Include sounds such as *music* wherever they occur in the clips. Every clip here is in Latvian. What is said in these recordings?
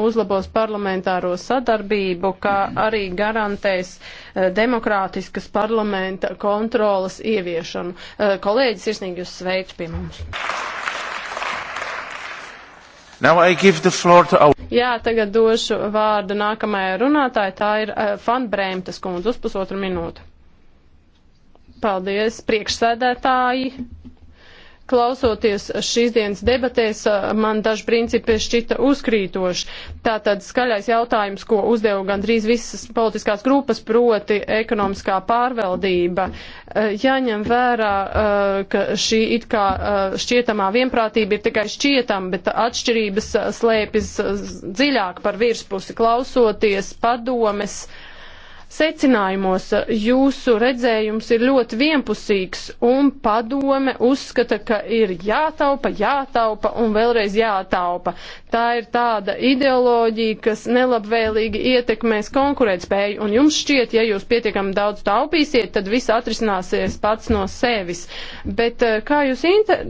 uzlabos parlamentāro sadarbību, kā arī garantēs eh, demokrātiskas parlamenta kontrolas ieviešanu. Eh, Kolēģis, sirsnīgi jūs sveicu pie mums! To... Jā, tagad došu vārdu nākamajai runātāji. Tā ir uh, eh, Fanbrēmtas kundze uz pusotru minūtu. Paldies, priekšsēdētāji! Klausoties šīs dienas debatēs, man daži principi šķita uzkrītoši. Tātad skaļais jautājums, ko uzdeva gandrīz visas politiskās grupas, proti ekonomiskā pārvaldība. Jāņem vērā, ka šī it kā šķietamā vienprātība ir tikai šķietama, bet atšķirības slēpjas dziļāk par virspusi. Klausoties padomes, secinājumos eh, jūsu redzējums ir ļoti vienpusīgs un padome uzskata, ka ir jātaupa, jātaupa un vēlreiz jātaupa. Tā ir tāda ideoloģija, kas nelabvēlīgi ietekmēs konkurētspēju un jums šķiet, ja jūs pietiekami daudz taupīsiet, tad viss atrisināsies pats no sevis. Bet eh, kā jūs,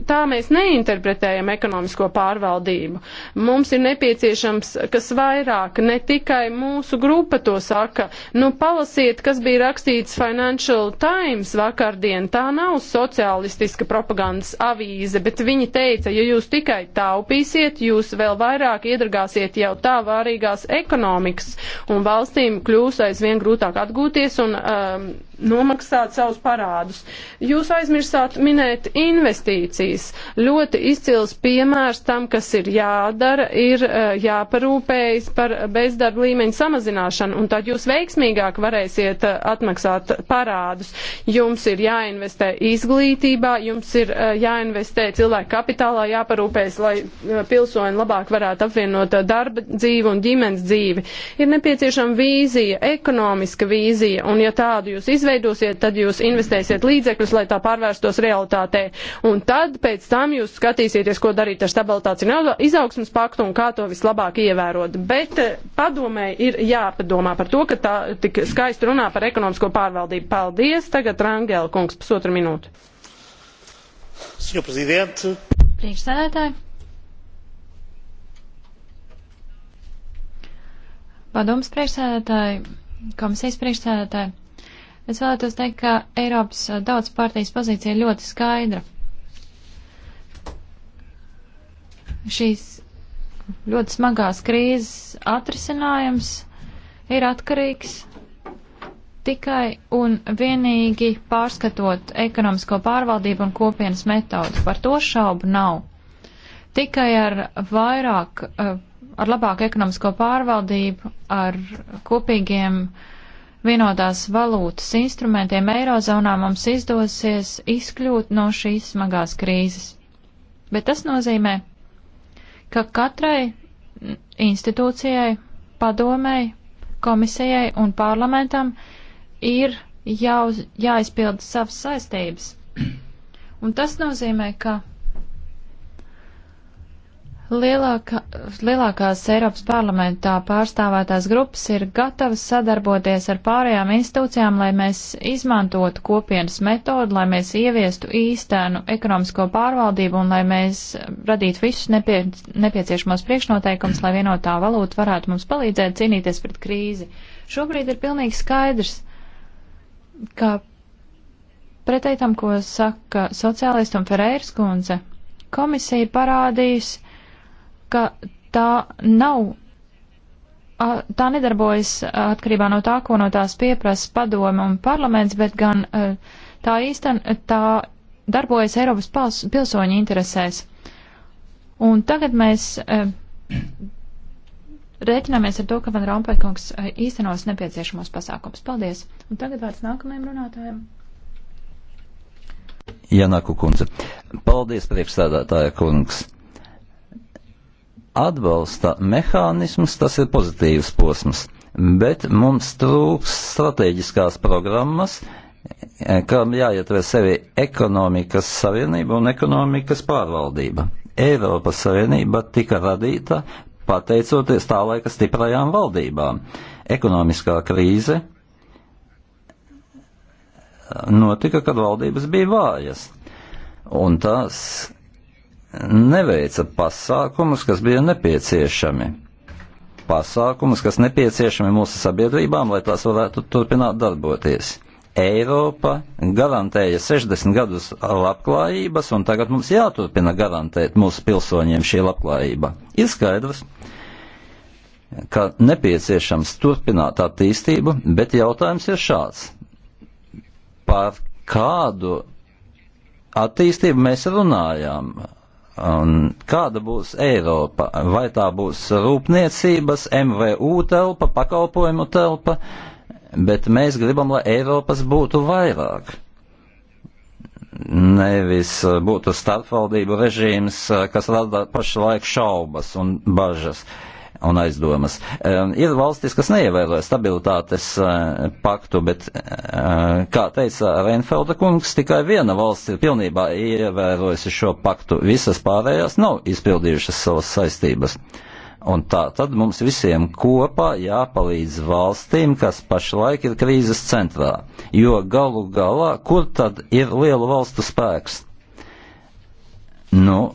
tā mēs neinterpretējam ekonomisko pārvaldību. Mums ir nepieciešams kas vairāk, ne tikai mūsu grupa to saka. Nu, Palasiet, kas bija rakstīts Financial Times vakardien. Tā nav sociālistiska propagandas avīze, bet viņi teica, ja jūs tikai taupīsiet, jūs vēl vairāk iedragāsiet jau tā vārīgās ekonomikas un valstīm kļūs aizvien grūtāk atgūties un um, nomaksāt savus parādus. Jūs aizmirsāt minēt investīcijas. Ļoti izcils piemērs tam, kas ir jādara, ir eh, jāparūpējas par bezdarba līmeņu samazināšanu, un tad jūs veiksmīgāk varēsiet eh, atmaksāt parādus. Jums ir jāinvestē izglītībā, jums ir eh, jāinvestē cilvēku kapitālā, jāparūpējas, lai pilsoņi labāk varētu apvienot darba dzīvi un ģimenes dzīvi. Ir nepieciešama vīzija, ekonomiska vīzija, un ja tādu jūs izvēlaties, izveidosiet, tad jūs investēsiet līdzekļus, lai tā pārvērstos realitātē. Un tad pēc tam jūs skatīsieties, ko darīt ar stabilitātes un izaugsmas paktu un kā to vislabāk ievērot. Bet eh, padomē ir jāpadomā par to, ka tā tik skaisti runā par ekonomisko pārvaldību. Paldies! Tagad Rangela kungs, pusotru minūtu. Senhor Presidente. Priekšsēdētāji. Padomas priekšsēdētāji, komisijas priekšsēdētāji. Es vēlētos teikt, ka Eiropas daudz eh, partijas pozīcija ir ļoti skaidra. Šīs ļoti smagās krīzes atrisinājums ir atkarīgs tikai un vienīgi pārskatot ekonomisko pārvaldību un kopienas metodu. Par to šaubu nav. Tikai ar vairāk, eh, ar labāku ekonomisko pārvaldību, ar kopīgiem uh, vienotās valūtas instrumentiem Eirozonā mums izdosies izkļūt no šīs smagās krīzes. Bet tas nozīmē, ka katrai institūcijai, padomēji, komisijai un parlamentam ir jau jāizpilda savas saistības. Un tas nozīmē, ka Lielākā, lielākās Eiropas parlamentā pārstāvētās grupas ir gatavas sadarboties ar pārējām institūcijām, lai mēs izmantotu kopienas metodu, lai mēs ieviestu īstenu ekonomisko pārvaldību un lai mēs radītu visus nepie, nepieciešamos priekšnoteikums, lai vienotā valūta varētu mums palīdzēt cīnīties pret krīzi. Šobrīd ir pilnīgi skaidrs, ka pretēji tam, ko saka sociālistu un Ferēras kundze, komisija parādīs, ka tā nav, tā nedarbojas atkarībā no tā, ko no tās pieprasa padome un parlaments, bet gan tā īsten, tā darbojas Eiropas pilsoņu interesēs. Un tagad mēs rēķināmies ar to, ka Van Rompēkungs īstenos nepieciešamos pasākums. Paldies! Un tagad vārds nākamajam runātājam. Janaku kundze. Paldies, priekšstādātāja kungs atbalsta mehānismus, tas ir pozitīvs posms, bet mums trūks strateģiskās programmas, kam jāietver sevi ekonomikas savienība un ekonomikas pārvaldība. Eiropas Savienība tika radīta pateicoties tā laika stiprajām valdībām. Ekonomiskā krīze notika, kad valdības bija vājas, un tās neveica pasākumus, kas bija nepieciešami. Pasākumus, kas nepieciešami mūsu sabiedrībām, lai tās varētu turpināt darboties. Eiropa garantēja 60 gadus labklājības, un tagad mums jāturpina garantēt mūsu pilsoņiem šī labklājība. Ir skaidrs, ka nepieciešams turpināt attīstību, bet jautājums ir šāds. Par kādu attīstību mēs runājām? Un kāda būs Eiropa? Vai tā būs rūpniecības, MVU telpa, pakalpojumu telpa, bet mēs gribam, lai Eiropas būtu vairāk. Nevis būtu starpvaldību režīms, kas rada pašlaik šaubas un bažas. Uh, un aizdomas. Ir valstis, kas neievēroja stabilitātes eh, paktu, bet, eh, kā teica Reinfelda kungs, tikai viena valsts ir pilnībā ievērojusi šo paktu. Visas pārējās nav izpildījušas savas saistības. Un tā tad mums visiem kopā jāpalīdz valstīm, kas pašlaik ir krīzes centrā. Jo galu galā, kur tad ir lielu valstu spēks? Nu,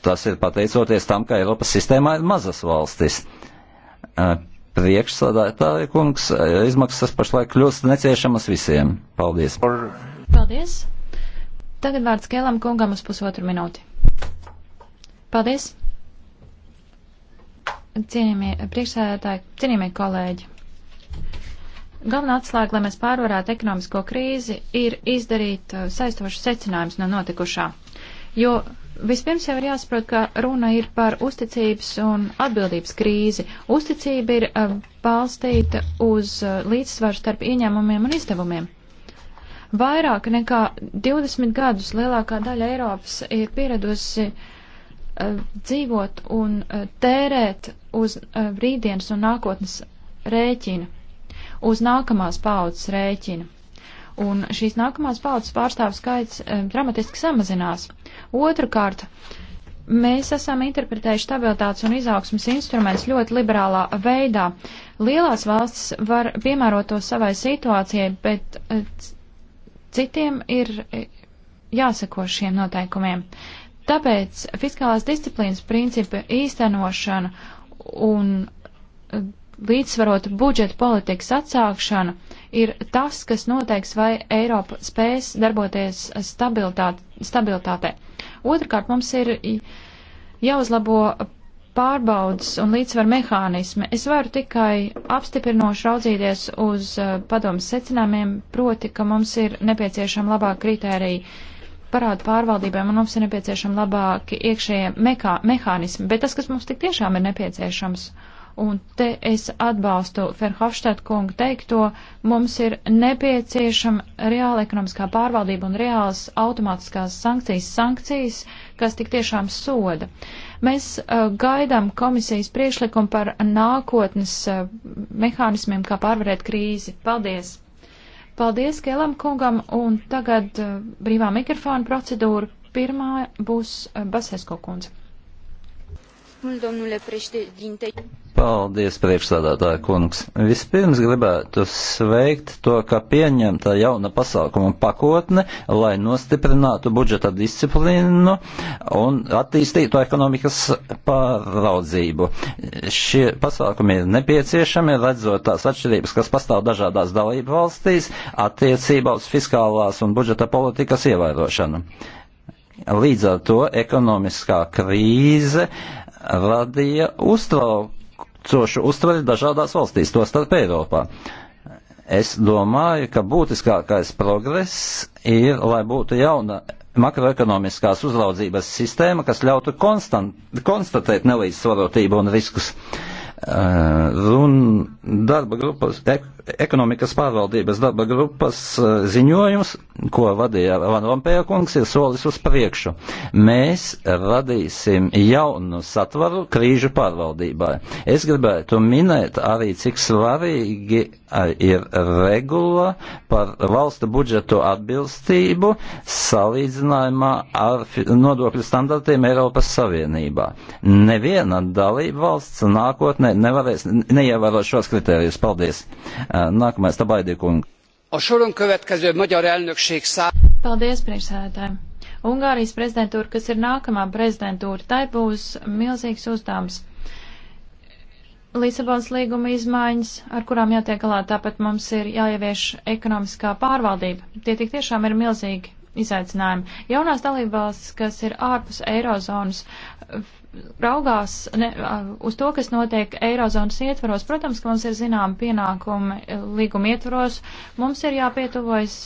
Tas ir pateicoties tam, ka Eiropas sistēmā ir mazas valstis. Priekšsādātāja kungs, izmaksas pašlaik kļūst neciešamas visiem. Paldies. Paldies. Tagad vārds Kēlam kungam uz pusotru minūti. Paldies. Cienījamie priekšsēdētāji, cienījamie kolēģi. Galvenā atslēga, lai mēs pārvarētu ekonomisko krīzi, ir izdarīt saistošu secinājumus no notikušā. Jo Vispirms jau ir jāsaprot, ka runa ir par uzticības un atbildības krīzi. Uzticība ir eh, balstīta uz eh, līdzsvaru starp ieņēmumiem un izdevumiem. Vairāk nekā 20 gadus lielākā daļa Eiropas ir pieredusi eh, dzīvot un tērēt uz rītdienas un nākotnes rēķina, uz nākamās paudzes rēķina un šīs nākamās paudzes pārstāvu skaits um, dramatiski samazinās. Otrakārt, mēs esam interpretējuši stabilitātes un izaugsmas instruments ļoti liberālā veidā. Lielās valstis var piemērot to savai situācijai, bet e, citiem ir e, jāseko šiem noteikumiem. Tāpēc fiskālās disciplīnas principa īstenošana un e, līdzsvarota budžeta politikas atsākšana ir tas, kas noteiks, vai Eiropa spēs darboties stabilitātē. Otrakārt, mums ir jāuzlabo pārbaudas un līdzsvar mehānismi. Es varu tikai apstiprinoši raudzīties uz uh, padomas secinājumiem, proti, ka mums ir nepieciešama labāka kritērija parādu pārvaldībām un mums ir nepieciešama labāki iekšējie mehānismi, bet tas, kas mums tik tiešām ir nepieciešams Un te es atbalstu Ferhofštāt kungu teikto, mums ir nepieciešama reāla ekonomiskā pārvaldība un reāls automātiskās sankcijas, sankcijas, kas tik tiešām soda. Mēs uh, gaidām komisijas priešlikumu par nākotnes uh, mehānismiem, kā pārvarēt krīzi. Paldies! Paldies Kēlam kungam, un tagad uh, brīvā mikrofona procedūra. Pirmā būs uh, Basesko kundze. Mulțumesc, domnule președinte. Paldies, priekšstādātāja kungs. Vispirms gribētu sveikt to, ka pieņemta jauna pasākuma pakotne, lai nostiprinātu budžeta disciplīnu un attīstītu ekonomikas pāraudzību. Šie pasākumi ir nepieciešami, redzot tās atšķirības, kas pastāv dažādās dalību valstīs attiecībā uz fiskālās un budžeta politikas ievērošanu. Līdz ar to ekonomiskā krīze radīja uztraukumu cošu uztveri dažādās valstīs, to starp Eiropā. Es domāju, ka būtiskākais progress ir, lai būtu jauna makroekonomiskās uzraudzības sistēma, kas ļautu konstant, konstatēt nelīdzsvarotību un riskus. Uh, run, darba grupas, ek, ekonomikas pārvaldības darba grupas e, ziņojums, ko vadīja Van Rompēja kungs, ir solis uz priekšu. Mēs radīsim jaunu satvaru krīžu pārvaldībai. Es gribētu minēt arī, cik svarīgi e, ir regula par valsta budžetu atbilstību salīdzinājumā ar nodokļu standartiem Eiropas Savienībā. Neviena dalība valsts nākotnē nevarēs, neievēro šos kritērijus. Paldies! Uh, Eh, nākamais, Tabaidī kungs. A soron következő magyar elnökség szá... Paldies, priekšsēdētāji. Ungārijas prezidentūra, kas ir nākamā prezidentūra, tai būs milzīgs uzdevums. Lisabonas līguma izmaiņas, ar kurām jātiek galā, tāpat mums ir jāievieš ekonomiskā pārvaldība. Tie tik tiešām ir milzīgi izaicinājumi. Jaunās dalībvalstis, kas ir ārpus eirozonas, raugās ne, uz to, kas notiek Eirozonas ietvaros. Protams, ka mums ir zinām pienākumi e, līguma ietvaros. Mums ir jāpietuvojas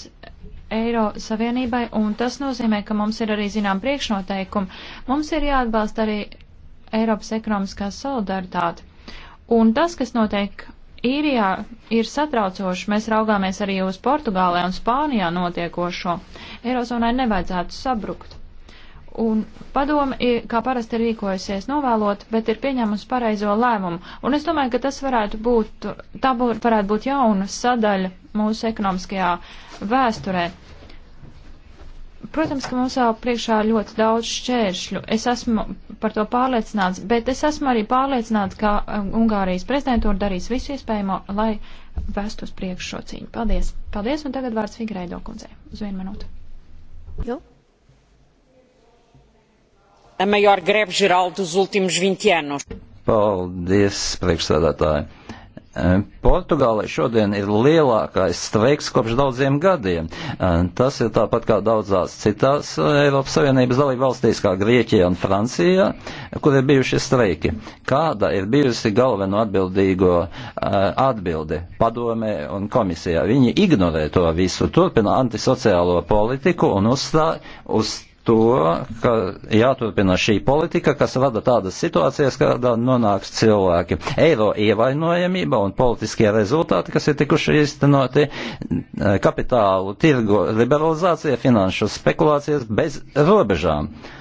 Eiro Savienībai, un tas nozīmē, ka mums ir arī zinām priekšnoteikumi. Mums ir jāatbalsta arī Eiropas ekonomiskā solidaritāte. Un tas, kas notiek īrijā, ir satraucoši. Mēs raugāmies arī uz Portugālē un Spānijā notiekošo. Eirozonai nevajadzētu sabrukt. Un padoma, kā parasti, rīkojusies novēlot, bet ir pieņēmusi pareizo lēmumu. Un es domāju, ka tas varētu būt, tā būt, varētu būt jauna sadaļa mūsu ekonomiskajā vēsturē. Protams, ka mums vēl priekšā ļoti daudz šķēršļu. Es esmu par to pārliecināts, bet es esmu arī pārliecināts, ka um, Ungārijas prezidentūra darīs visu iespējamo, lai vest uz priekšu šo cīņu. Paldies! Paldies, un tagad vārds Figreido kundzei. Uz vienu minūtu. Jo a maior greve geral dos últimos 20 anos. Paldies, priekšsēdētāji. Eh, Portugālē šodien ir lielākais streiks kopš daudziem gadiem. Eh, Tas ir tāpat kā daudzās citās eh, Eiropas Savienības dalību valstīs, kā Grieķija un Francija, kur ir bijuši streiki. Kāda ir bijusi galveno atbildīgo atbildi padomē un komisijā? Viņi ignorē to visu, turpina antisociālo politiku un uzstāja. Uz to, ka jāturpina šī politika, kas rada tādas situācijas, kādā nonāks cilvēki. Eiro ievainojamība un politiskie rezultāti, kas ir tikuši iztenoti, kapitālu tirgu liberalizācija, finanšu spekulācijas bez robežām. Uh,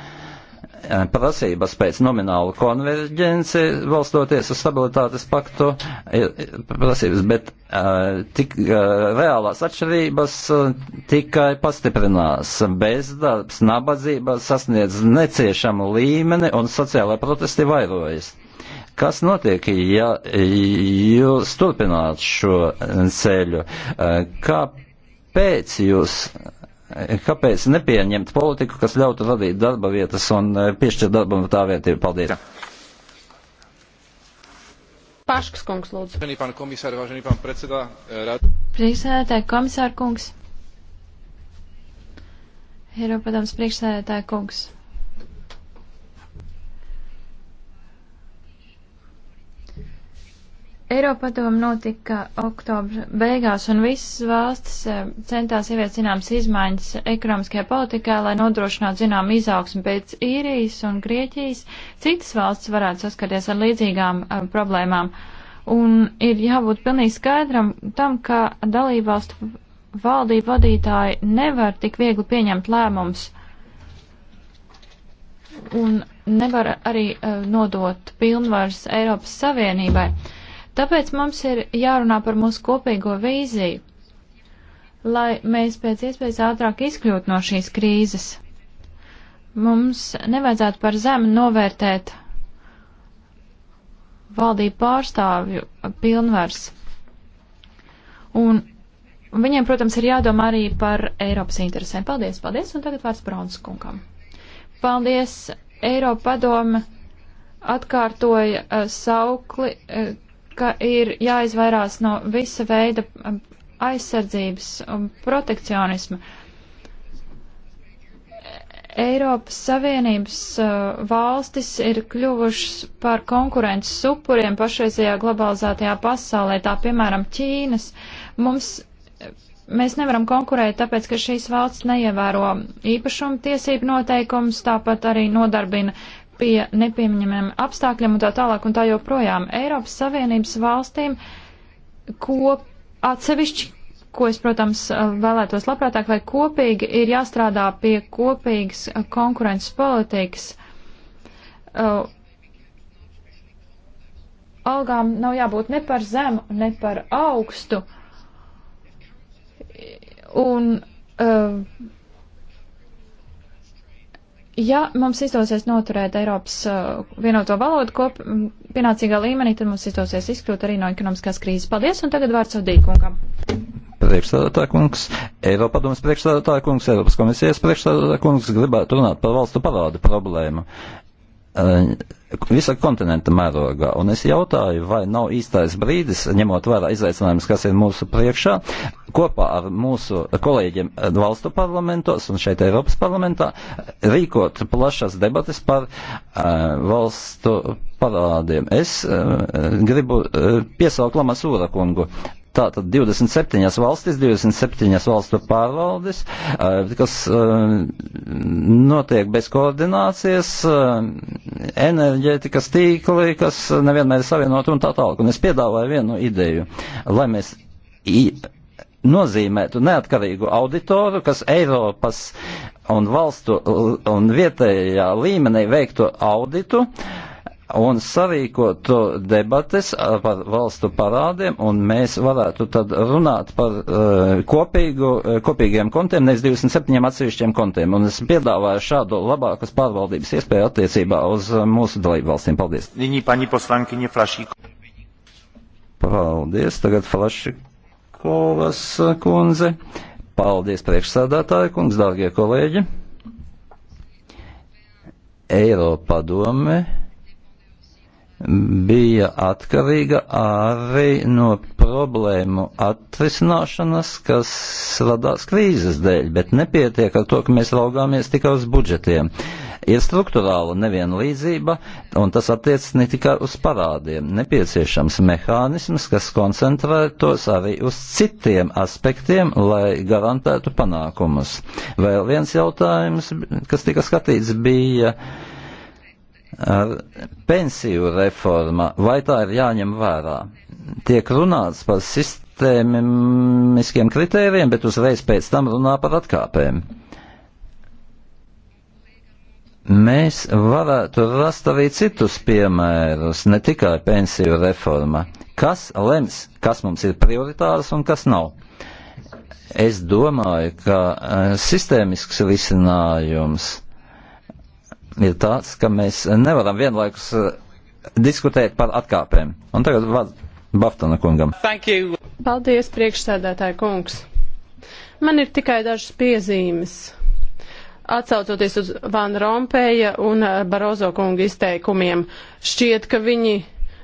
Eh, prasības pēc nominālu konverģenci, valstoties uz stabilitātes paktu, eh, prasības, bet eh, tik, reālās atšķirības tikai pastiprinās. Bezdarbs, nabadzība sasniedz neciešamu līmeni un sociālai protesti vairojas. Kas notiek, ja jūs turpināt šo ceļu? Kāpēc jūs Eh, kāpēc nepieņemt politiku, kas ļautu radīt darba vietas un eh, piešķirt darbam tā vērtību? Paldies! Paškas kungs, lūdzu. Eh, priekšsēdētāji komisāra kungs. Eiropadams priekšsēdētāji kungs. Eiropadoma notika oktobra beigās, un visas valstis eh, centās ieviet zināmas izmaiņas ekonomiskajā politikā, lai nodrošinātu zinām izaugsmu pēc īrijas un Grieķijas. Citas valstis varētu saskarties ar līdzīgām uh, problēmām, un ir jābūt pilnīgi skaidram tam, ka dalībvalstu valdību vadītāji nevar tik viegli pieņemt lēmumus un nevar arī uh, nodot pilnvaras Eiropas Savienībai. Uh, Tāpēc mums ir jārunā par mūsu kopīgo vīziju, lai mēs pēc iespējas ātrāk izkļūtu no šīs krīzes. Mums nevajadzētu par zemi novērtēt valdību pārstāvju pilnvars. Un viņiem, protams, ir jādomā arī par Eiropas interesēm. Paldies, paldies, un tagad vārds Brauns kungam. Paldies, Eiropa padome atkārtoja uh, saukli, uh, ka ir jāizvairās no visa veida um, aizsardzības un protekcionisma. Eiropas Savienības uh, valstis ir kļuvušas par konkurences upuriem pašreizajā globalizētajā pasaulē, tā piemēram Ķīnas. Mums, mēs nevaram konkurēt, tāpēc, ka šīs valsts neievēro īpašuma tiesību noteikums, tāpat arī nodarbina pie nepieņemamiem apstākļiem un tā tālāk un tā joprojām. Eiropas Savienības valstīm, ko atsevišķi, ko es, protams, vēlētos labprātāk, vai kopīgi ir jāstrādā pie kopīgas konkurences politikas. Uh, algām nav jābūt ne par zemu, ne par augstu. Un uh, Ja mums izdosies noturēt Eiropas uh, vienoto valodu kop, pienācīgā līmenī, tad mums izdosies izkļūt arī no ekonomiskās krīzes. Paldies, un tagad vārds Odīkungam. Priekšstādātā kungs, Eiropa padomas priekšstādātā kungs, Eiropas komisijas priekšstādātā kungs gribētu runāt par valstu parādu problēmu visa kontinenta mērogā. Un es jautāju, vai nav īstais brīdis, ņemot vērā izaicinājumus, kas ir mūsu priekšā, kopā ar mūsu kolēģiem valstu parlamentos un šeit Eiropas parlamentā, rīkot plašas debatas par uh, valstu parādiem. Es uh, gribu uh, piesaukt Lamasūra kungu. Tātad 27 valstis, 27 valstu pārvaldes, eh, kas eh, notiek bez koordinācijas, eh, enerģētikas tīkli, kas nevienmēr ir savienoti un tā tālāk. Un es piedāvāju vienu ideju, lai mēs nozīmētu neatkarīgu auditoru, kas Eiropas un valstu un vietējā līmenī veiktu auditu. Uh, un sarīkotu debates par valstu parādiem, un mēs varētu tad runāt par uh, kopīgu, eh, kopīgiem kontiem, nevis 27 atsevišķiem kontiem. Un es piedāvāju šādu labākas pārvaldības iespēju attiecībā uz eh, mūsu dalību valstīm. Paldies! Viņi, paņi poslankiņi, Flašīko. Paldies, tagad Flašikovas kundze. Paldies, priekšsādātāja kungs, dārgie kolēģi. Eiropadome bija atkarīga arī no problēmu atrisināšanas, kas radās krīzes dēļ, bet nepietiek ar to, ka mēs raugāmies tikai uz budžetiem. Ir struktūrāla nevienlīdzība, un tas attiec ne tikai uz parādiem. Nepieciešams mehānisms, kas koncentrētos arī uz citiem aspektiem, lai garantētu panākumus. Vēl viens jautājums, kas tika skatīts, bija Pensiju reforma, vai tā ir jāņem vērā? Tiek runāts par sistēmiskiem kritērijiem, bet uzreiz pēc tam runā par atkāpēm. Mēs varētu rast arī citus piemērus, ne tikai pensiju reforma. Kas lems, kas mums ir prioritārs un kas nav? Es domāju, ka sistēmisks risinājums ir tāds, ka mēs nevaram vienlaikus eh, diskutēt par atkāpēm. Un tagad vārds Baftona kungam. Paldies, priekšsēdētāja kungs. Man ir tikai dažas piezīmes. Atcaucoties uz Van Rompēja un eh, Barozo kunga izteikumiem, šķiet, ka viņi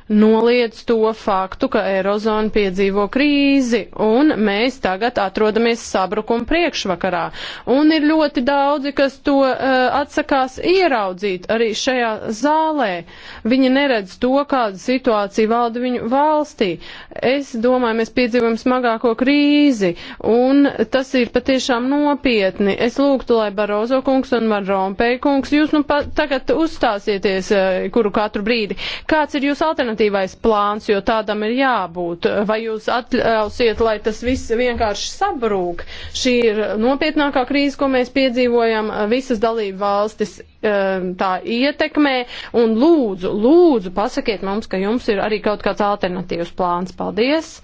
noliedz to faktu, ka Eirozona piedzīvo krīzi un mēs tagad atrodamies sabrukuma priekšvakarā. Un ir ļoti daudzi, kas to uh, atsakās ieraudzīt arī šajā zālē. Viņi neredz to, kāda situācija valda viņu valstī. Es domāju, mēs piedzīvojam smagāko krīzi un tas ir patiešām nopietni. Es lūgtu, lai Barozo kungs un Van Rompēj kungs, jūs nu pat tagad uzstāsieties, uh, kuru katru brīdi. Kāds ir jūsu alternatīvs? operatīvais plāns, jo tādam ir jābūt. Vai jūs atļausiet, lai tas viss vienkārši sabrūk? Šī ir nopietnākā krīze, ko mēs piedzīvojam. Visas dalību valstis um, tā ietekmē. Un lūdzu, lūdzu, pasakiet mums, ka jums ir arī kaut kāds alternatīvs plāns. Paldies!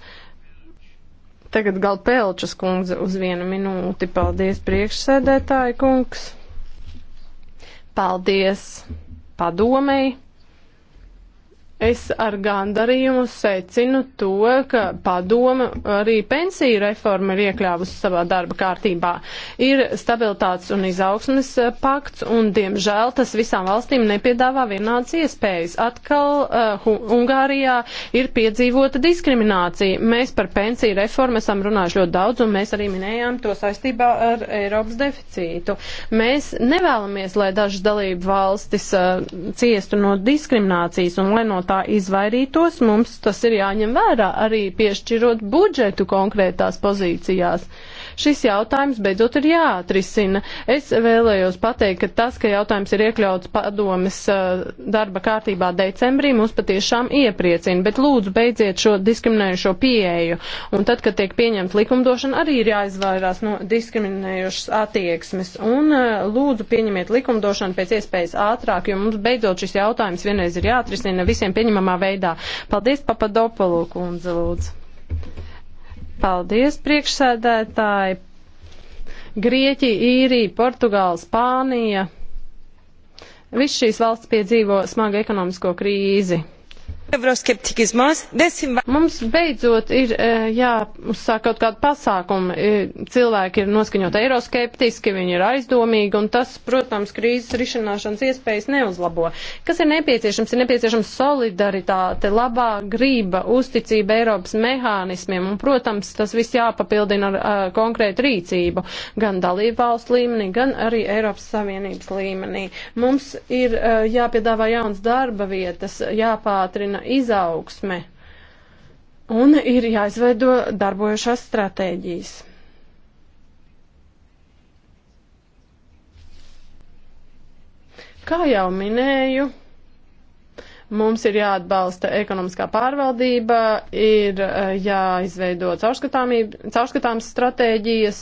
Tagad gal Pelčas kundze uz vienu minūti. Paldies, priekšsēdētāji kungs! Paldies padomei! Es ar gandarījumu secinu to, ka padoma arī pensiju reforma ir iekļāvusi savā darba kārtībā. Ir stabilitātes un izaugsmes pakts, un diemžēl tas visām valstīm nepiedāvā vienādas iespējas. Atkal uh, Ungārijā ir piedzīvota diskriminācija. Mēs par pensiju reformu esam runājuši ļoti daudz, un mēs arī minējām to saistībā ar Eiropas deficītu. Mēs nevēlamies, lai dažas dalību valstis uh, ciestu no diskriminācijas un lai no tā izvairītos, mums tas ir jāņem vērā arī piešķirot budžetu konkrētās pozīcijās. Uh, Šis jautājums beidzot ir jāatrisina. Es vēlējos pateikt, ka tas, ka jautājums ir iekļauts padomes eh, darba kārtībā decembrī, mūs patiešām iepriecina, bet lūdzu beidziet šo diskriminējušo pieeju. Un tad, kad tiek pieņemta likumdošana, arī ir jāizvairās no diskriminējušas attieksmes. Un eh, lūdzu pieņemiet likumdošanu pēc iespējas ātrāk, jo mums beidzot šis jautājums vienreiz ir jāatrisina visiem pieņemamā veidā. Paldies, Papadopolu kundze, lūdzu. Paldies, priekšsēdētāji! Grieķija, Īrija, Portugāla, Spānija. Viss šīs valsts piedzīvo smagu ekonomisko krīzi. Mums beidzot ir eh, jāuzsāk kaut kāda pasākuma. E, cilvēki ir noskaņoti eiroskeptiski, viņi ir aizdomīgi, un tas, protams, krīzes risināšanas iespējas neuzlabo. Kas ir nepieciešams? Ir nepieciešams solidaritāte, labā grība, uzticība Eiropas mehānismiem, un, protams, tas viss jāpapildina ar uh, konkrētu rīcību gan dalībvalstu līmenī, gan arī Eiropas Savienības līmenī. Mums ir uh, jāpiedāvā jauns darba vietas, jāpātrina jāveicina izaugsme un ir jāizveido darbojošās stratēģijas. Kā jau minēju, mums ir jāatbalsta ekonomiskā pārvaldība, ir eh, jāizveido caurskatāmas stratēģijas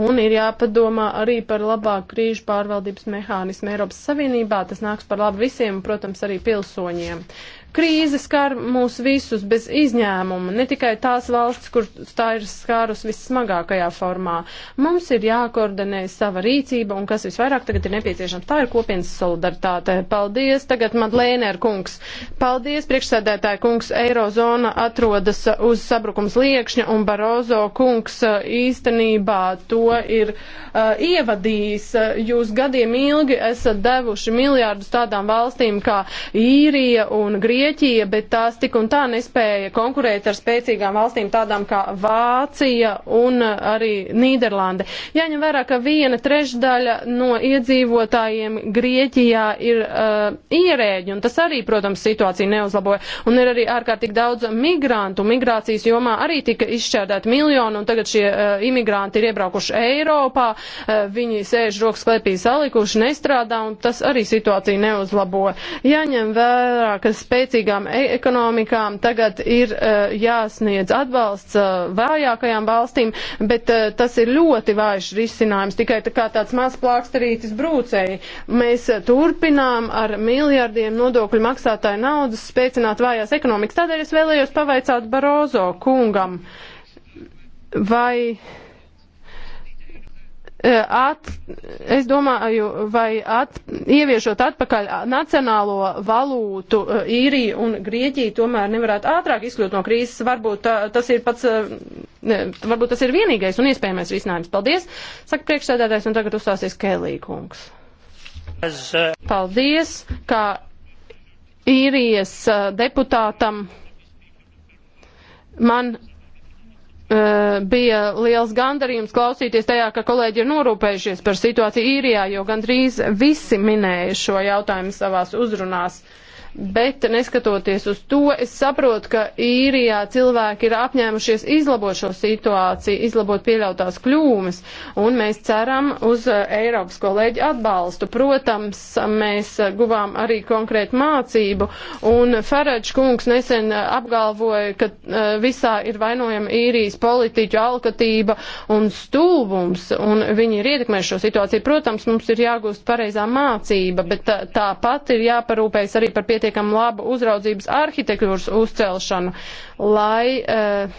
un ir jāpadomā arī par labāku krīžu pārvaldības mehānismu Eiropas Savienībā. Tas nāks par labu visiem, protams, arī pilsoņiem. Krīze skar mūs visus bez izņēmuma, ne tikai tās valsts, kur tā ir skārus vissmagākajā formā. Mums ir jākoordinē sava rīcība un kas visvairāk tagad ir nepieciešams. Tā ir kopienas solidaritāte. Paldies, tagad Madlēner kungs. Paldies, priekšsēdētāja kungs. Eirozona atrodas uz sabrukums liekšņa un Barozo kungs uh, īstenībā to ir uh, ievadījis. Uh, jūs gadiem ilgi esat devuši miljārdus tādām valstīm kā Īrija un Grieķija. Grieķija, bet tās tik un tā nespēja konkurēt ar spēcīgām valstīm tādām kā Vācija un uh, arī Nīderlande. Jāņem vērā, ka viena trešdaļa no iedzīvotājiem Grieķijā ir uh, ierēģi, un tas arī, protams, situāciju neuzlaboja. Un ir arī ārkārtīgi daudz migrantu. Migrācijas jomā arī tika izšķērdēti miljoni, un tagad šie uh, imigranti ir iebraukuši Eiropā, uh, viņi sēž rokas klēpī salikuši, nestrādā, un tas arī situāciju neuzlaboja. Jāņem vērā, ka spēc spēcīgām e- ekonomikām tagad ir uh, jāsniedz atbalsts uh, vājākajām valstīm, bet uh, tas ir ļoti vājš risinājums, tikai tā kā tāds maz plākstarītis brūcēji. Mēs uh, turpinām ar miljardiem nodokļu maksātāju naudas spēcināt vājās ekonomikas. Tādēļ es vēlējos pavaicāt Barozo kungam. Vai Eh, at, es domāju, vai at, ieviešot atpakaļ nacionālo valūtu eh, īriju un Grieķiju, tomēr nevarētu ātrāk izkļūt no krīzes. Varbūt tā, tas ir pats, eh, ne, varbūt tas ir vienīgais un iespējamais risinājums. Paldies, saka priekšsēdētājs, un tagad uzstāsies Kēlī kungs. Paldies, kā īrijas deputātam man Eh, bija liels gandarījums klausīties tajā, ka kolēģi ir norūpējušies par situāciju īrijā, jo gandrīz visi minēja šo jautājumu savās uzrunās. Uh, bet neskatoties uz to, es saprotu, ka īrijā cilvēki ir apņēmušies izlabot šo situāciju, izlabot pieļautās kļūmes, un mēs ceram uz eh, Eiropas kolēģi atbalstu. Protams, mēs eh, guvām arī konkrētu mācību, un Faraģs kungs nesen eh, apgalvoja, ka visā ir vainojama īrijas politiķu alkatība un stulbums, un viņi ir ietekmējuši šo situāciju. Protams, mums ir jāgūst pareizā mācība, bet tāpat tā ir jāparūpējas arī par pietiekumu pietiekam labu uzraudzības arhitektūras uzcelšanu, lai uh,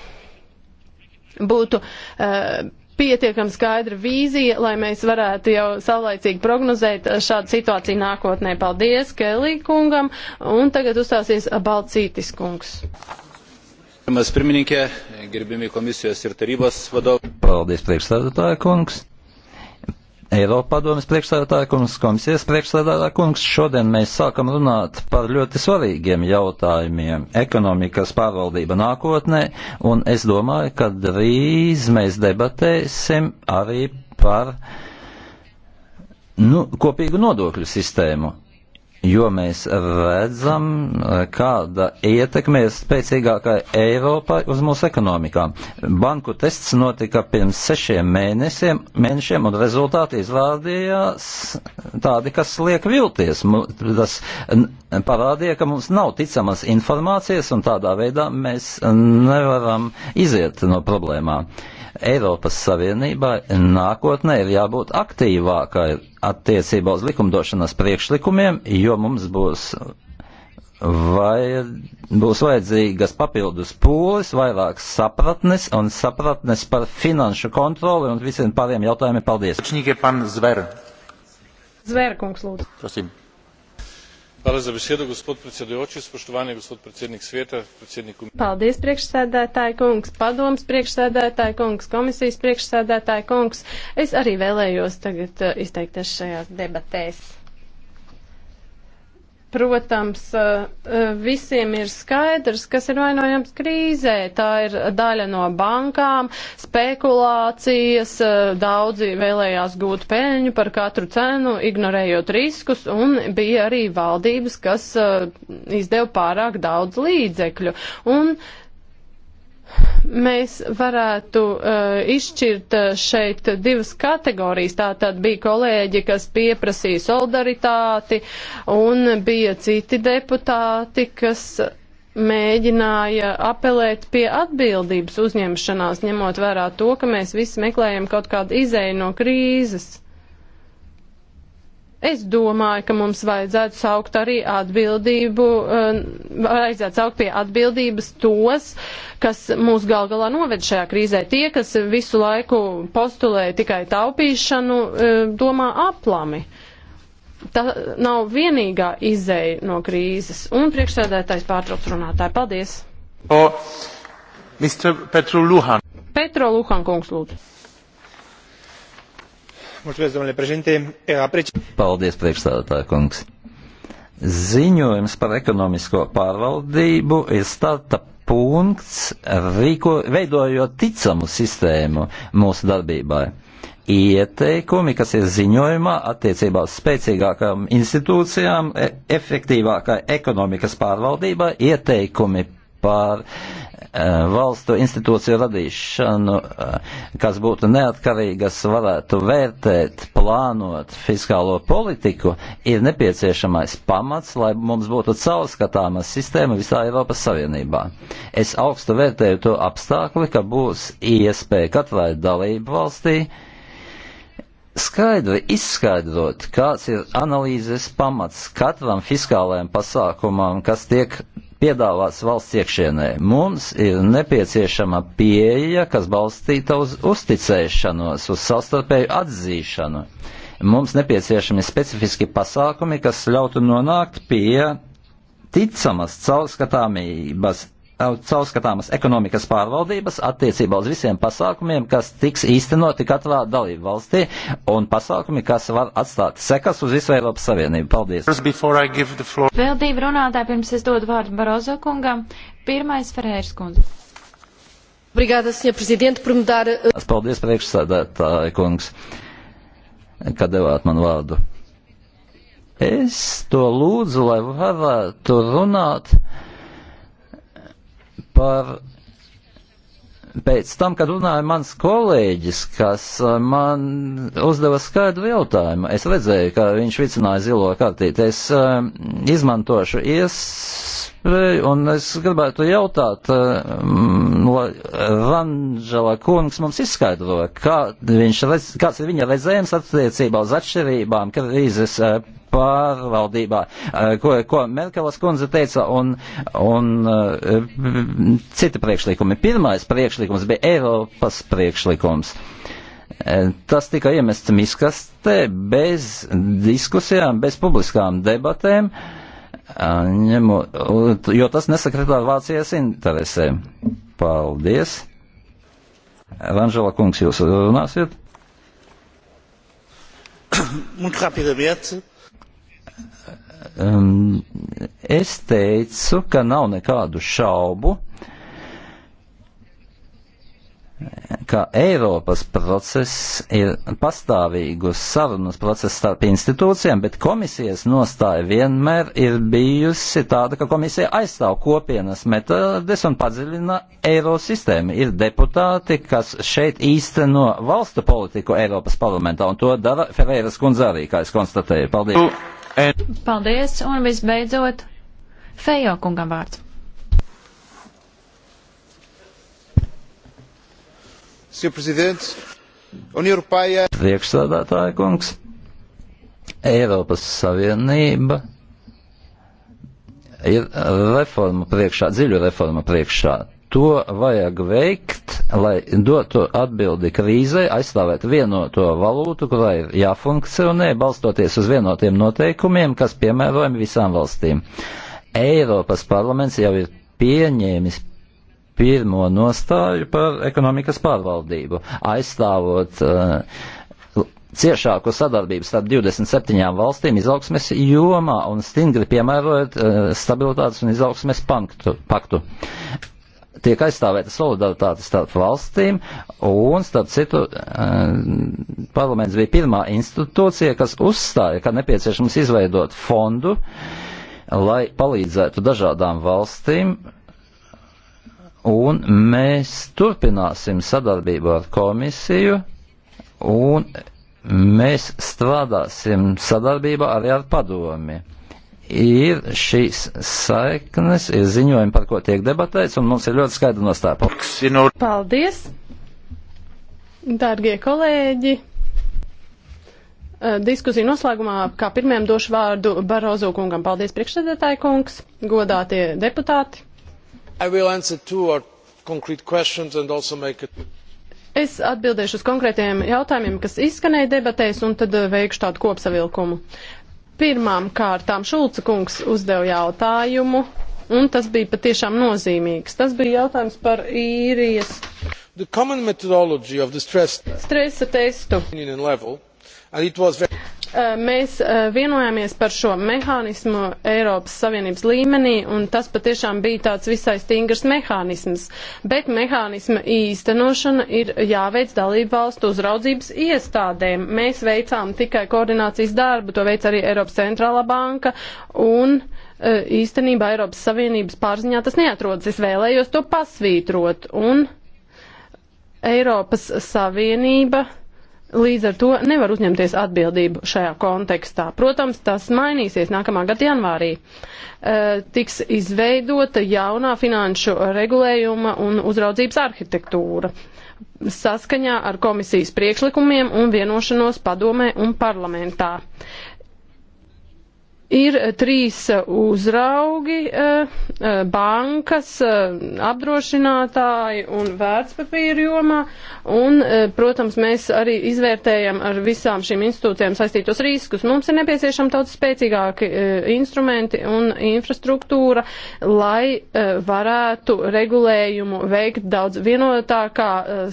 būtu. Uh, Pietiekam skaidra vīzija, lai mēs varētu jau saulaicīgi prognozēt eh, šādu situāciju nākotnē. Paldies Kelī kungam, un tagad uzstāsies Balcītis kungs. Pirmās pirmininkē, gerbimi komisijas ir tarības vadovs. Paldies priekšstādātāja kungs. Eiropa padomas priekšsēdētāja kungs, komisijas priekšsēdētāja kungs, šodien mēs sākam runāt par ļoti svarīgiem jautājumiem - ekonomikas pārvaldība nākotnē, un es domāju, ka drīz mēs debatēsim arī par nu, kopīgu nodokļu sistēmu jo mēs redzam, eh, kāda ietekme ir spēcīgākai Eiropai uz mūsu ekonomikām. Banku tests notika pirms sešiem mēnešiem, mēnešiem un rezultāti izrādījās tādi, kas liek vilties. Tas parādīja, ka mums nav ticamas informācijas un tādā veidā mēs nevaram iziet no problēmām. Eiropas Savienībai nākotnē ir jābūt aktīvākai attiecībā uz likumdošanas priekšlikumiem, jo mums būs vai būs vajadzīgas papildus pūles, vairāk sapratnes un sapratnes par finanšu kontroli un visiem pāriem jautājumiem. Paldies! Čņīgie pan Zver. Zver, kungs, lūdzu. Prosim. Paldies, priekšsēdētāji kungs, padoms priekšsēdētāji kungs, komisijas priekšsēdētāji kungs. Es arī vēlējos tagad eh, izteikties šajās debatēs. Protams, eh, eh, visiem ir skaidrs, kas ir vainojams krīzē. Tā ir daļa no bankām, spekulācijas, eh, daudzi vēlējās gūt peļņu par katru cenu, ignorējot riskus, un bija arī valdības, kas izdeva pārāk daudz līdzekļu. Un, uh, mēs varētu uh, izšķirt eh, šeit divas kategorijas. Tā tad bija kolēģi, kas pieprasīja solidaritāti, un bija citi deputāti, kas mēģināja apelēt pie atbildības uzņemšanās, ņemot vērā to, ka mēs visi meklējam kaut kādu izēju no krīzes. Es domāju, ka mums vajadzētu saukt arī atbildību, eh, vajadzētu saukt pie atbildības tos, kas mūs gal galā noved šajā krīzē. Tie, kas visu laiku postulē tikai taupīšanu, eh, domā aplami. Tā nav vienīgā izēja no krīzes. Un priekšsēdētājs pārtrauc runātāju. Paldies! O, Mr. Petru Luhan. Petro Luhan kungs lūdzu. E, Paldies, priekšstādātāja kungs. Ziņojums par ekonomisko pārvaldību ir starta punkts, rīko, veidojot ticamu sistēmu mūsu darbībai. Ieteikumi, kas ir ziņojumā attiecībā uz spēcīgākām institūcijām, e, efektīvākai ekonomikas pārvaldībai, ieteikumi par Eh, valstu institūciju radīšanu, eh, kas būtu neatkarīgas, varētu vērtēt, plānot fiskālo politiku, ir nepieciešamais pamats, lai mums būtu caurskatāma sistēma visā Eiropas Savienībā. Es augstu vērtēju to apstākli, ka būs iespēja katrai dalību valstī skaidri izskaidrot, kāds ir analīzes pamats katram fiskālajam pasākumam, kas tiek piedāvāts valsts iekšienē. Mums ir nepieciešama pieeja, kas balstīta uz uzticēšanos, uz savstarpēju atzīšanu. Mums nepieciešami specifiski pasākumi, kas ļautu nonākt pie ticamas caurskatāmības caurskatāmas ekonomikas pārvaldības attiecībā uz visiem pasākumiem, kas tiks īstenoti katrā dalību valstī un pasākumi, kas var atstāt sekas uz visu Eiropas Savienību. Paldies! Vēl divi runātāji pirms es dodu vārdu Barozo kungam. Pirmais Ferērs kundze. Obrigada, senhor presidente, por me dar. Uh, paldies, priekšsēdētāji kungs, ka devāt man vārdu. Es to lūdzu, lai varētu runāt par pēc tam, kad runāja mans kolēģis, kas uh, man uzdeva skaidru jautājumu, es redzēju, ka viņš vicināja zilo kartīti. Es um, izmantošu iespēju Un es gribētu jautāt, eh, lai Vanžela kungs mums izskaidro, kā viņš, kāds ir viņa redzējums attiecībā uz atšķirībām krīzes eh, pārvaldībā, eh, ko, ko Merkelas kundze teica, un, un citi priekšlikumi. Pirmais priekšlikums bija Eiropas priekšlikums. Tas tika iemests miskastē bez diskusijām, bez publiskām debatēm. Uh, ņemot, jo tas nesakritā Vācijas interesēm. Paldies! Evanžela kungs, jūs runāsiet? *coughs* Muito rapidamente. Um, es teicu, ka nav nekādu šaubu, uh, ka Eiropas process ir pastāvīgus sarunas process starp institūcijām, bet komisijas nostāja vienmēr ir bijusi tāda, ka komisija aizstāv kopienas metodes un padziļina eiro sistēmu. Ir deputāti, kas šeit īsteno valstu politiku Eiropas parlamentā, un to dara Ferreiras kundze arī, kā es konstatēju. Paldies! Paldies, un visbeidzot, Fejo kungam vārds. Priekšsādātāja kungs, Eiropas Savienība ir reforma priekšā, dziļu reforma priekšā. To vajag veikt, lai dotu atbildi krīzē, aizstāvēt vienoto valūtu, kurai ir jāfunkcionē, balstoties uz vienotiem noteikumiem, kas piemērojami visām valstīm. Eiropas parlaments jau ir pieņēmis pirmo nostāju par ekonomikas pārvaldību, aizstāvot uh, eh, ciešāku sadarbību starp 27 valstīm izaugsmes jomā un stingri piemērojot uh, stabilitātes un izaugsmes panktu, paktu. Tiek aizstāvēta solidaritāte starp valstīm, un, starp citu, uh, parlaments bija pirmā institūcija, kas uzstāja, ka nepieciešams izveidot fondu, lai palīdzētu dažādām valstīm un mēs turpināsim sadarbību ar komisiju, un mēs strādāsim sadarbībā arī ar padomi. Ir šīs saiknes, ir ziņojumi, par ko tiek debatēts, un mums ir ļoti skaidra nostāja. Paldies, dārgie kolēģi! Eh, diskusiju noslēgumā, kā pirmajam došu vārdu Barozo kungam. Paldies, priekšsēdētāji kungs, godātie deputāti! I will answer two or concrete questions and also make a Es atbildēšu uz konkrētiem jautājumiem, kas izskanēja debatēs, un tad eh, veikšu tādu kopsavilkumu. Pirmām kārtām Šulca kungs uzdeva jautājumu, un tas bija patiešām nozīmīgs. Tas bija jautājums par īrijas stresa testu. Level, very... Eh, mēs eh, vienojāmies par šo mehānismu Eiropas Savienības līmenī, un tas patiešām bija tāds visai stingrs mehānisms. Bet mehānisma īstenošana ir jāveic dalību valstu uzraudzības iestādēm. Mēs veicām tikai koordinācijas darbu, to veic arī Eiropas centrālā banka, un eh, īstenībā Eiropas Savienības pārziņā tas neatrodas. Es vēlējos to pasvītrot, un Eiropas Savienība Līdz ar to nevar uzņemties atbildību šajā kontekstā. Protams, tas mainīsies nākamā gada janvārī. E, tiks izveidota jaunā finanšu regulējuma un uzraudzības arhitektūra saskaņā ar komisijas priekšlikumiem un vienošanos padomē un parlamentā. Ir trīs uh, uzraugi, uh, uh, bankas, apdrošinātāji un vērtspapīra jomā, un, protams, mēs arī izvērtējam ar visām šīm institūcijām saistītos riskus. Mums ir nepieciešami daudz spēcīgāki instrumenti un infrastruktūra, lai varētu regulējumu veikt daudz vienotākā,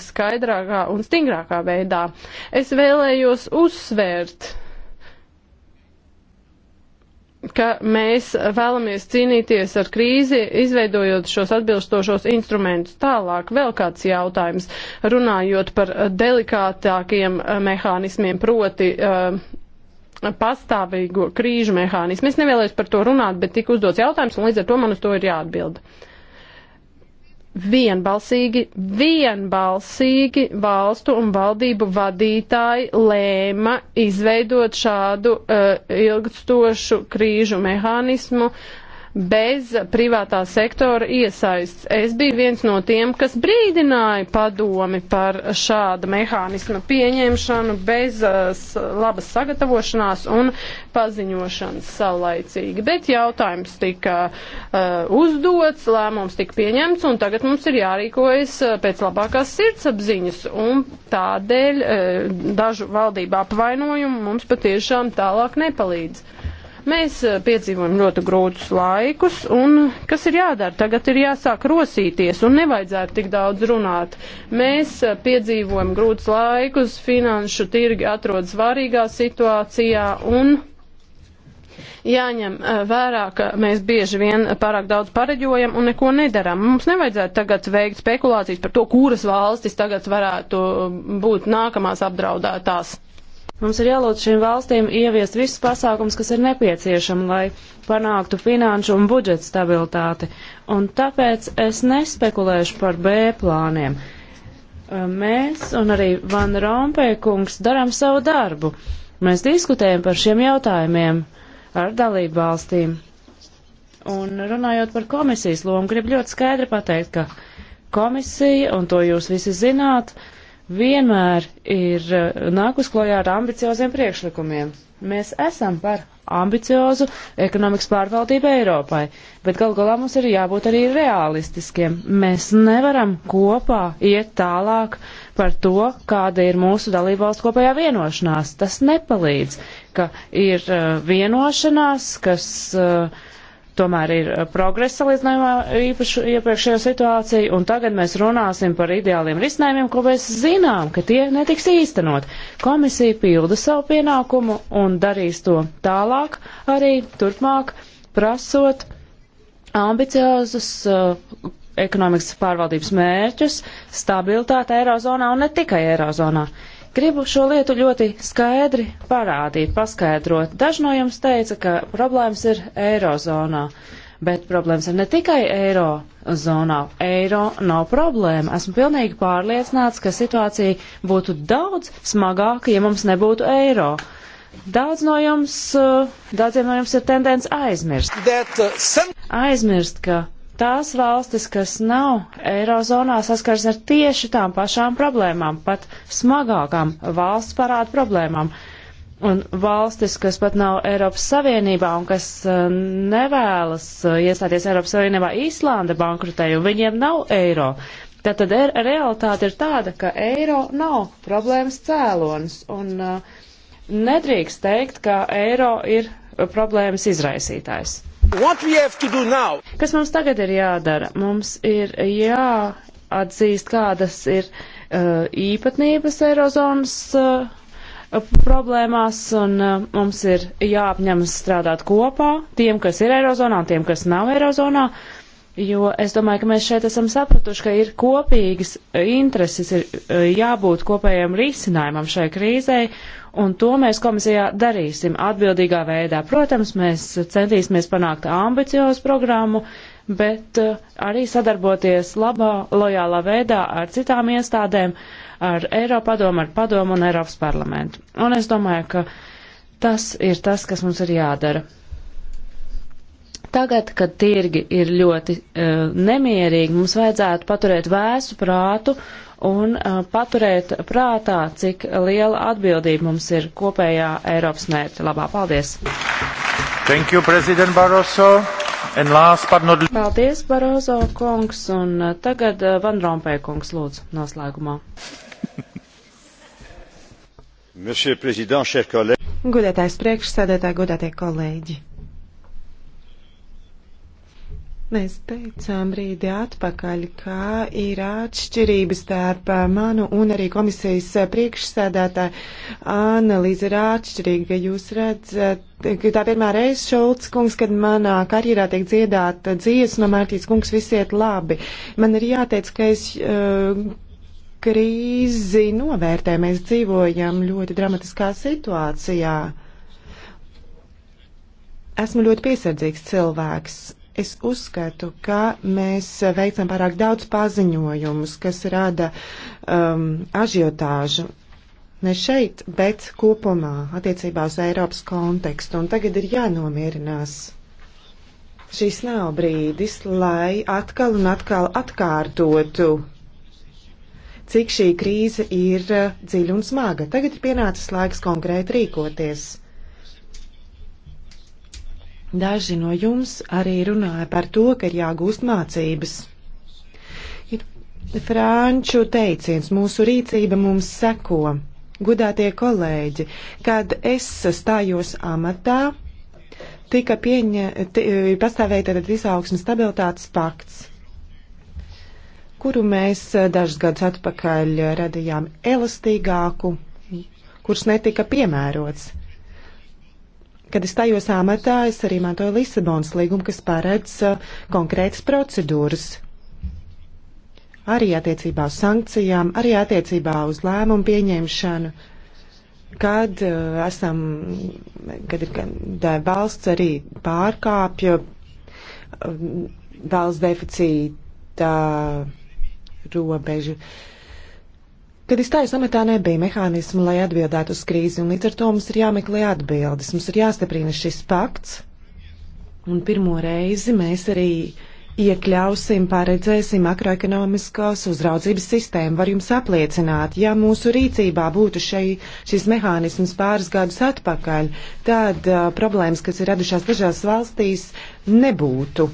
skaidrākā un stingrākā veidā. Es vēlējos uzsvērt, ka mēs vēlamies cīnīties ar krīzi, izveidojot šos atbilstošos instrumentus. Tālāk vēl kāds jautājums, runājot par delikātākiem eh, mehānismiem, proti uh, pastāvīgo krīžu mehānismu. Es nevēlēšu par to runāt, bet tik uzdots jautājums, un līdz ar to man uz to ir jāatbild. Uh, vienbalsīgi, vienbalsīgi valstu un valdību vadītāji lēma izveidot šādu uh, ilgstošu krīžu mehānismu, uh, bez privātā sektora iesaists. Es biju viens no tiem, kas brīdināja padomi par šāda mehānisma pieņemšanu bez uh, labas sagatavošanās un paziņošanas saulaicīgi. Bet jautājums tika uh, uzdots, lēmums tika pieņemts un tagad mums ir jārīkojas uh, pēc labākās sirdsapziņas un tādēļ uh, dažu valdību apvainojumu mums patiešām tālāk nepalīdz. Mēs eh, piedzīvojam ļoti grūtus laikus, un kas ir jādara? Tagad ir jāsāk rosīties, un nevajadzētu tik daudz runāt. Mēs eh, piedzīvojam grūtus laikus, finanšu tirgi atrodas varīgā situācijā, un jāņem eh, vērā, ka mēs bieži vien pārāk daudz pareģojam un neko nedaram. Mums nevajadzētu tagad veikt spekulācijas par to, kuras valstis tagad varētu būt nākamās apdraudētās. Mums ir jālūdz šīm valstīm ieviest visus pasākums, kas ir nepieciešami, lai panāktu finanšu un budžeta stabilitāti. Un tāpēc es nespekulēšu par B plāniem. Mēs un arī Van Rompē kungs darām savu darbu. Mēs diskutējam par šiem jautājumiem ar dalību valstīm. Un runājot par komisijas lomu, gribu ļoti skaidri pateikt, ka komisija, un to jūs visi zināt, uh, vienmēr ir eh, nākus klajā ar ambicioziem priekšlikumiem. Mēs esam par ambiciozu ekonomikas pārvaldību Eiropai, bet gal galā mums ir jābūt arī realistiskiem. Mēs nevaram kopā iet tālāk par to, kāda ir mūsu dalībvalstu kopējā vienošanās. Tas nepalīdz, ka ir eh, vienošanās, kas uh, tomēr ir eh, progresa salīdzinājumā īpaši iepriekšējo situāciju, un tagad mēs runāsim par ideāliem risinājumiem, ko mēs zinām, ka tie netiks īstenot. Komisija pilda savu pienākumu un darīs to tālāk arī turpmāk, prasot ambiciozus uh, ekonomikas pārvaldības mērķus, stabilitāti Eirozonā un ne tikai Eirozonā. Uh, Gribu šo lietu ļoti skaidri parādīt, paskaidrot. Daži no jums teica, ka problēmas ir eirozonā, bet problēmas ir ne tikai eirozonā. Eiro nav problēma. Esmu pilnīgi pārliecināts, ka situācija būtu daudz smagāka, ja mums nebūtu eiro. Daudz no jums, uh, daudziem no jums ir tendence aizmirst. Uh, aizmirst, ka Tās valstis, kas nav Eirozonā, saskars ar tieši tām pašām problēmām, pat smagākām valsts parādu problēmām. Un valstis, kas pat nav Eiropas Savienībā un kas uh, nevēlas uh, iestāties Eiropas Savienībā, Īslanda bankrutēja un viņiem nav eiro. Tātad er, realitāte ir tāda, ka eiro nav problēmas cēlonis un uh, nedrīkst teikt, ka eiro ir problēmas izraisītājs. Kas mums tagad ir jādara? Mums ir jāatzīst, kādas ir uh, īpatnības Eirozonas uh, problēmās, un uh, mums ir jāapņemas strādāt kopā tiem, kas ir Eirozonā un tiem, kas nav Eirozonā. Uh, jo es domāju, ka mēs šeit esam sapratuši, ka ir kopīgas intereses, ir eh, jābūt kopējiem risinājumam šai krīzei, un to mēs komisijā darīsim atbildīgā veidā. Protams, mēs centīsimies panākt ambiciozu programmu, bet eh, arī sadarboties labā, lojālā veidā ar citām iestādēm, ar Eiropadomu, ar Padomu un Eiropas parlamentu. Un es domāju, ka tas ir tas, kas mums ir jādara. Tagad, kad tirgi ir ļoti uh, nemierīgi, mums vajadzētu paturēt vēsu prātu un uh, paturēt prātā, cik liela atbildība mums ir kopējā Eiropas mērķa labā. Paldies! Thank you, President Barroso! And last but not least. Paldies, Barozo kungs, un uh, tagad uh, Van Rompē kungs lūdzu noslēgumā. Monsieur President, chers collègues. Godētājs priekšsēdētāji, godētie kolēģi. Mēs teicām brīdi atpakaļ, ka ir atšķirības starp manu un arī komisijas priekšsēdētāju analīzi ir atšķirīga. Jūs redzat, ka tā pirmā reize Šolts kungs, kad manā karjerā tiek dziedāta dziesma, Mārtīts kungs, visiet labi. Man ir jāteic, ka es. Uh, Krīzi novērtē, mēs dzīvojam ļoti dramatiskā situācijā. Esmu ļoti piesardzīgs cilvēks Es uzskatu, ka mēs veicam pārāk daudz paziņojumus, kas rada um, ažiotāžu. Ne šeit, bet kopumā attiecībā uz Eiropas kontekstu. Un tagad ir jānomierinās. Šis nav brīdis, lai atkal un atkal atkārtotu, cik šī krīze ir uh, dziļa un smaga. Tagad ir pienācis laiks konkrēti rīkoties. Daži no jums arī runāja par to, ka ir jāgūst mācības. Ir franču teiciens, mūsu rīcība mums seko. Gudātie kolēģi, kad es stājos amatā, tika pieņa, t, pastāvēja tātad izaugsmas stabilitātes pakts, kuru mēs dažus gadus atpakaļ radījām elastīgāku, kurš netika piemērots. Kad es tajos amatā, es arī mantoju Lisabonas līgumu, kas paredz uh, konkrētas procedūras. Arī attiecībā uz sankcijām, arī attiecībā uz lēmumu pieņemšanu, kad uh, esam, kad ir kad valsts arī pārkāpja uh, valsts deficīta robežu. Uh, Kad izstājas amatā, nebija mehānismu, lai atbildētu uz krīzi, un līdz ar to mums ir jāmeklē atbildes. Mums ir jāstiprina šis pakts, un pirmo reizi mēs arī iekļausim, paredzēsim makroekonomiskos uzraudzības sistēmu. Var jums apliecināt, ja mūsu rīcībā būtu šei, šis mehānisms pāris gadus atpakaļ, tad uh, problēmas, kas ir radušās dažās valstīs, nebūtu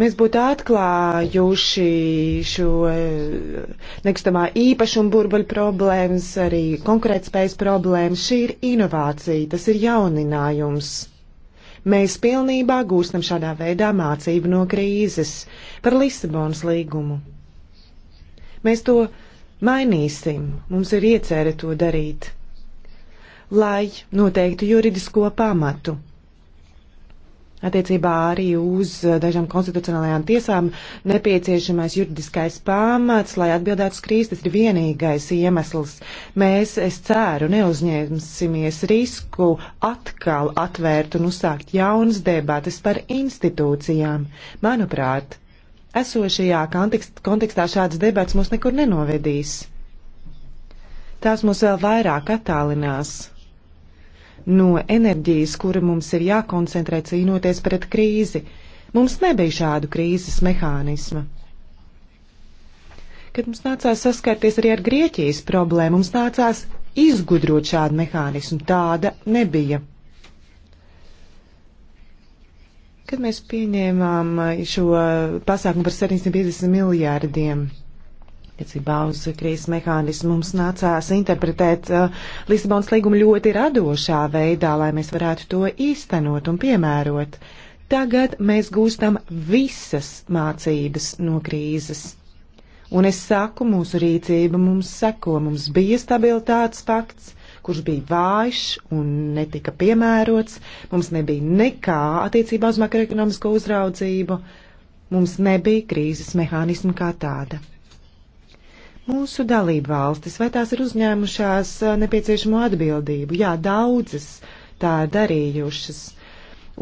mēs būtu atklājuši šo eh, nekustamā īpašuma burbuļu problēmas, arī konkurētspējas problēmas. Šī ir inovācija, tas ir jauninājums. Mēs pilnībā gūstam šādā veidā mācību no krīzes par Lisabonas līgumu. Mēs to mainīsim, mums ir iecerē to darīt, lai noteiktu juridisko pamatu Attiecībā arī uz dažām konstitucionālajām tiesām nepieciešamais juridiskais pamats, lai atbildētu uz krīzes, ir vienīgais iemesls. Mēs, es ceru, neuzņemsimies risku atkal atvērt un uzsākt jaunas debatas par institūcijām. Manuprāt, esošajā kontekstā šāds debats mūs nekur nenovedīs. Tās mūs vēl vairāk attālinās no enerģijas, kura mums ir jākoncentrē cīnoties pret krīzi. Mums nebija šādu krīzes mehānisma. Kad mums nācās saskarties arī ar Grieķijas problēmu, mums nācās izgudrot šādu mehānismu. Tāda nebija. Kad mēs pieņēmām šo pasākumu par 750 miljārdiem Attiecībā uz krīzes mehānismu mums nācās interpretēt uh, Lisabonas līgumu ļoti radošā veidā, lai mēs varētu to īstenot un piemērot. Tagad mēs gūstam visas mācības no krīzes. Un es saku, mūsu rīcība mums seko, mums bija stabilitātes pakts, kurš bija vājš un netika piemērots, mums nebija nekā attiecībā uz makroekonomisko uzraudzību, mums nebija krīzes mehānismu kā tāda. Mūsu dalība valstis, vai tās ir uzņēmušās uh, nepieciešamo atbildību? Jā, daudzas tā darījušas,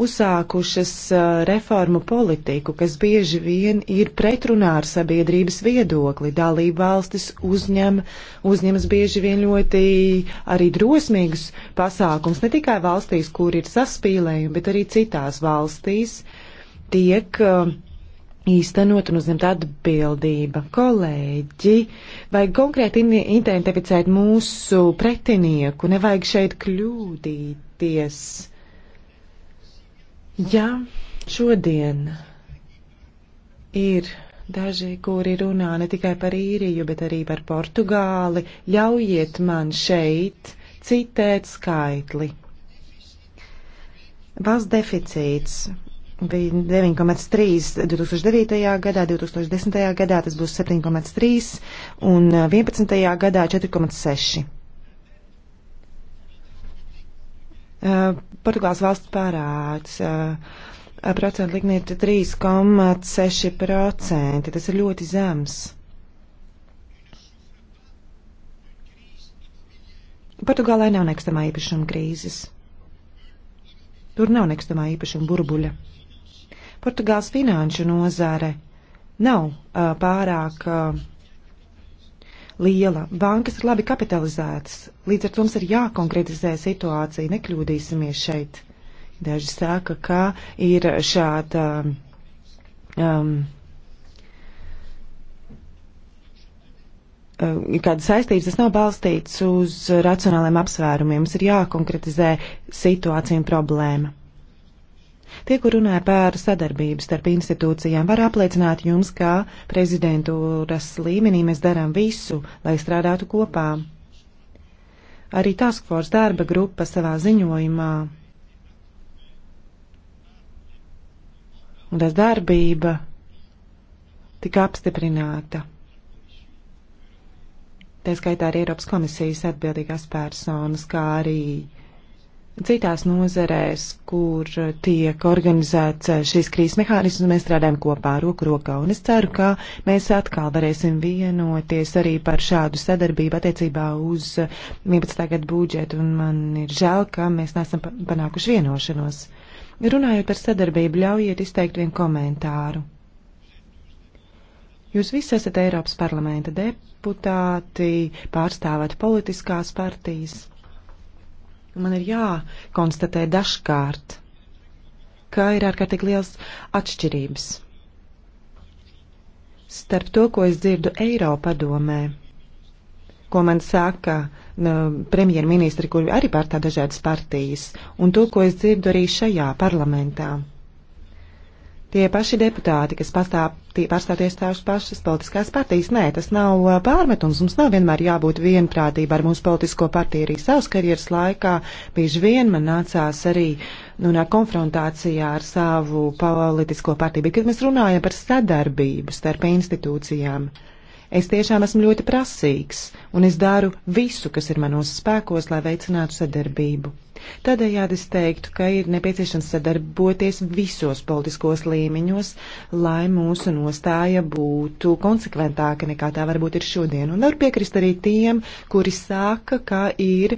uzsākušas uh, reformu politiku, kas bieži vien ir pretrunā ar sabiedrības viedokli. Dalība valstis uzņem, uzņemas bieži vien ļoti arī drosmīgus pasākums, ne tikai valstīs, kur ir saspīlējumi, bet arī citās valstīs tiek uh, īstenot un uzņemt atbildība. Kolēģi, vajag konkrēti identificēt mūsu pretinieku, nevajag šeit kļūdīties. Ja šodien ir daži, kuri runā ne tikai par īriju, bet arī par Portugāli, ļaujiet man šeit citēt skaitli. Valsts deficīts bija 9,3 2009. gadā, 2010. gadā tas būs 7,3 un 11. gadā 4,6. Uh, Portugāles valsts pārāds uh, procentu likme ir 3,6%. Tas ir ļoti zems. Portugālē nav nekustamā īpašuma krīzes. Tur nav nekustamā īpašuma burbuļa. Portugāls finanšu nozare nav uh, pārāk uh, liela. Bankas ir labi kapitalizētas, līdz ar to mums ir jākonkretizē situācija, nekļūdīsimies šeit. Daži saka, ka ir šāda. Um, kādas saistības, tas nav balstīts uz racionāliem apsvērumiem. Mums ir jākonkretizē situācija un problēma. Tie, kur runāja par sadarbību starp institūcijām, var apliecināt jums, kā prezidentūras līmenī mēs darām visu, lai strādātu kopā. Arī Task Force darba grupa savā ziņojumā un tās darbība tika apstiprināta. Tā skaitā arī Eiropas komisijas atbildīgās personas, kā arī uh, citās nozerēs, kur tiek organizēts šīs krīzes mehānismas, mēs strādājam kopā roku rokā, un es ceru, ka mēs atkal varēsim vienoties arī par šādu sadarbību attiecībā uz 11. gadu budžetu, un man ir žēl, ka mēs nesam panākuši vienošanos. Runājot par sadarbību, ļaujiet izteikt vienu komentāru. Jūs visi esat Eiropas parlamenta deputāti, pārstāvat politiskās partijas Man ir jākonstatē dažkārt, ka ir ārkārtīgi liels atšķirības starp to, ko es dzirdu Eiropadomē, ko man saka nu, premjerministri, kuri arī pārstāv dažādas partijas, un to, ko es dzirdu arī šajā parlamentā tie paši deputāti, kas pastāv, pārstāvties tās pašas politiskās partijas. Nē, tas nav uh, pārmetums. Mums nav vienmēr jābūt vienprātība ar mūsu politisko partiju. Arī savas karjeras laikā bieži vien man nācās arī nonākt nu, konfrontācijā ar savu politisko partiju. Bet, kad mēs runājam par sadarbību starp institūcijām, uh, Es tiešām esmu ļoti prasīgs, un es daru visu, kas ir manos spēkos, lai veicinātu sadarbību. Tādējādi es teiktu, ka ir nepieciešams sadarboties visos politiskos līmeņos, lai mūsu nostāja būtu konsekventāka nekā tā varbūt ir šodien. Un var piekrist arī tiem, kuri saka, ka ir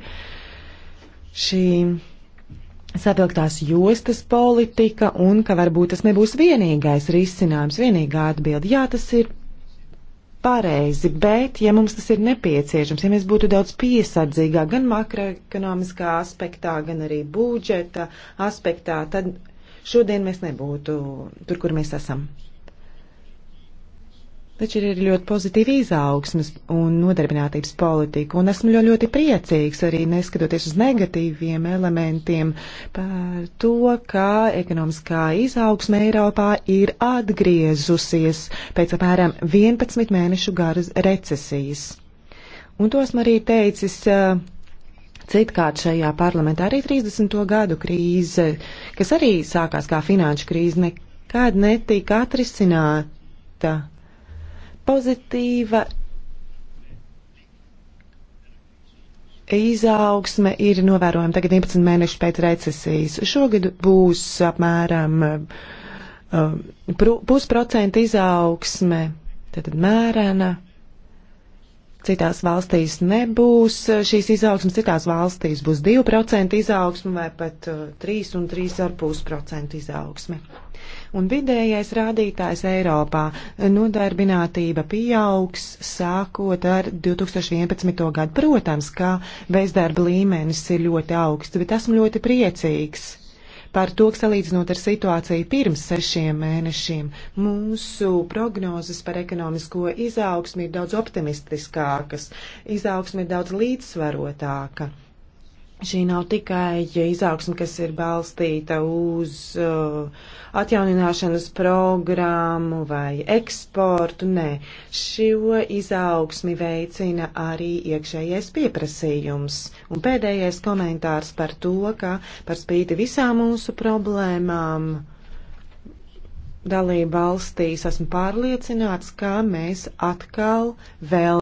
šī savilktās jostas politika un ka varbūt tas nebūs vienīgais risinājums, vienīgā atbilde. Jā, tas ir pareizi, bet, ja mums tas ir nepieciešams, ja mēs būtu daudz piesardzīgāk gan makroekonomiskā aspektā, gan arī budžeta aspektā, tad šodien mēs nebūtu tur, kur mēs esam. Taču ir ļoti pozitīva izaugsmas un nodarbinātības politika, un esmu ļoti, ļoti priecīgs arī neskatoties uz negatīviem elementiem par to, ka ekonomiskā izaugsme Eiropā ir atgriezusies pēc apmēram 11 mēnešu garas recesijas. Un to esmu arī teicis eh, citkārt šajā parlamentā arī 30. gadu krīze, kas arī sākās kā finanšu krīze, nekad netika atrisināta Pozitīva izaugsme ir novērojama tagad 11 mēnešus pēc recesijas. Šogad būs apmēram um, pusprocenta izaugsme, tad mērena. Citās valstīs nebūs šīs izaugsmes, citās valstīs būs 2% izaugsme vai pat 3 uh, un 3,5% izaugsme un vidējais rādītājs Eiropā - nodarbinātība pieaugs sākot ar 2011. gadu. Protams, kā bezdarba līmenis ir ļoti augsts, bet esmu ļoti priecīgs par to, ka salīdzinot ar situāciju pirms sešiem mēnešiem, mūsu prognozes par ekonomisko izaugsmi ir daudz optimistiskākas, izaugsmi ir daudz līdzsvarotāka. Šī nav tikai izaugsme, kas ir balstīta uz uh, atjaunināšanas programmu vai eksportu, nē, šo izaugsmi veicina arī iekšējais pieprasījums. Un pēdējais komentārs par to, ka par spīti visām mūsu problēmām dalība valstīs esmu pārliecināts, ka mēs atkal vēl.